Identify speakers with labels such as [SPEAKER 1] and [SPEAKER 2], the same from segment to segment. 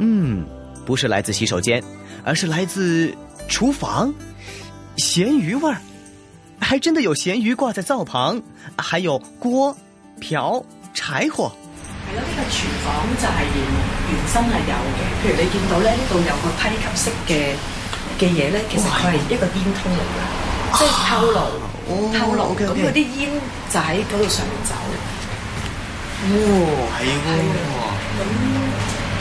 [SPEAKER 1] 嗯，
[SPEAKER 2] 不是來自洗手間，而是來自廚房，鹹魚味兒，還真的有鹹魚掛在灶旁，還有鍋、瓢、柴火。
[SPEAKER 3] 係咯，呢個廚房就係原，原生係有嘅，譬如你見到咧，呢度有個梯級式嘅嘅嘢咧，其實佢係一個煙通嚟嘅，oh、即係透露、oh、透露咁嗰啲煙就喺嗰度上面走。哦、
[SPEAKER 1] oh，係、oh、喎、嗯。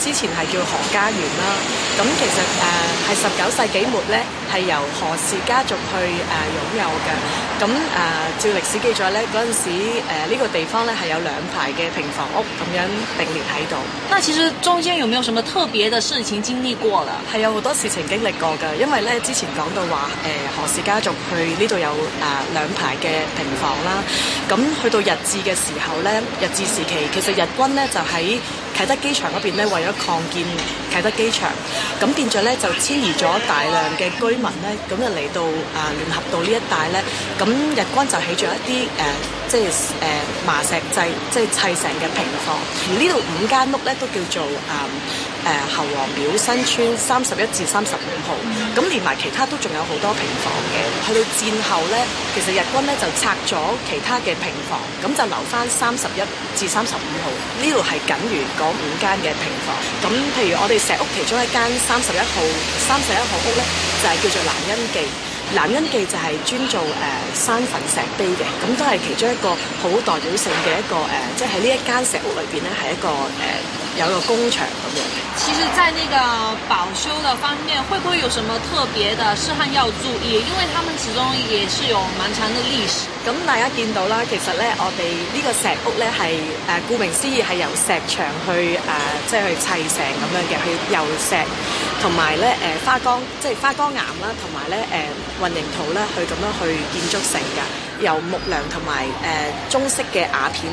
[SPEAKER 3] 之前係叫何家園啦，咁其實誒係十九世紀末咧，係由何氏家族去誒擁有嘅。咁誒、呃、照歷史記載咧，嗰陣時誒呢個地方咧係有兩排嘅平房屋咁樣並列喺度。
[SPEAKER 4] 那其實中間有沒有什麼特別嘅事情經歷過啦？係有好多事情經歷
[SPEAKER 3] 過嘅，因為咧之前講到話誒、呃、何氏家族去呢度有誒、呃、兩排嘅平房啦。咁去到日治嘅時候咧，日治時期其實日軍咧就喺啟德機場嗰邊咧，為咗擴建啟德機場，咁變咗咧就遷移咗大量嘅居民咧，咁就嚟到啊、呃、聯合道呢一帶咧。咁日軍就起咗一啲誒、呃，即係誒、呃、麻石製，即係砌成嘅平房。而呢度五間屋咧都叫做誒侯、呃呃、王廟新村三十一至三十五號。咁連埋其他都仲有好多平房嘅。去到戰後咧，其實日軍咧就拆咗其他嘅平房，咁就留翻三十一至三十五號。呢度係僅餘嗰五間嘅平房。咁譬如我哋石屋其中一間三十一號、三十一號屋咧，就係叫做南恩記。南恩記就係專做誒、呃、山粉石碑嘅，咁都係其中一個好代表性嘅一個誒，即係喺呢一間石屋裏邊咧，係一個誒。呃有個工場咁樣。
[SPEAKER 4] 其實，在那個保修的方面，會不會有什麼特別的事項要注意？因為他們始終也是有蠻長的歷史。咁
[SPEAKER 3] 大家見到啦，其實呢，我哋呢個石屋呢，係誒、呃，顧名思義係由石牆去誒、呃，即係去砌成咁樣嘅，去由石同埋呢誒、呃、花崗，即係花崗岩啦，同埋呢誒、呃、混凝土呢去咁樣去建築成㗎。由木梁同埋誒中式嘅瓦片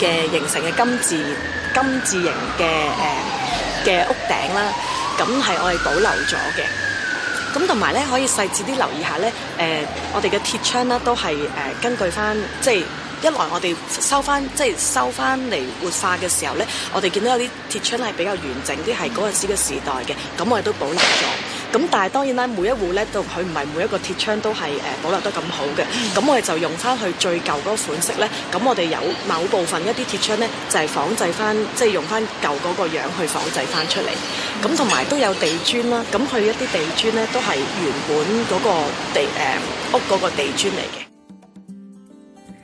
[SPEAKER 3] 嘅形成嘅金字金字形嘅誒嘅屋頂啦，咁係我哋保留咗嘅。咁同埋咧，可以細緻啲留意下咧，誒我哋嘅鐵窗咧都係誒根據翻，即係一來我哋收翻即係收翻嚟活化嘅時候咧，我哋見到有啲鐵窗係比較完整啲，係嗰陣時嘅時代嘅，咁我哋都保留咗。咁但係當然啦，每一戶咧，都佢唔係每一個鐵窗都係誒保留得咁好嘅。咁我哋就用翻佢最舊嗰個款式咧。咁我哋有某部分一啲鐵窗咧，就係、是、仿製翻，即、就、係、是、用翻舊嗰個樣去仿製翻出嚟。咁同埋都有地磚啦。咁佢一啲地磚咧，都係原本嗰個地誒、呃、屋嗰個地磚嚟嘅。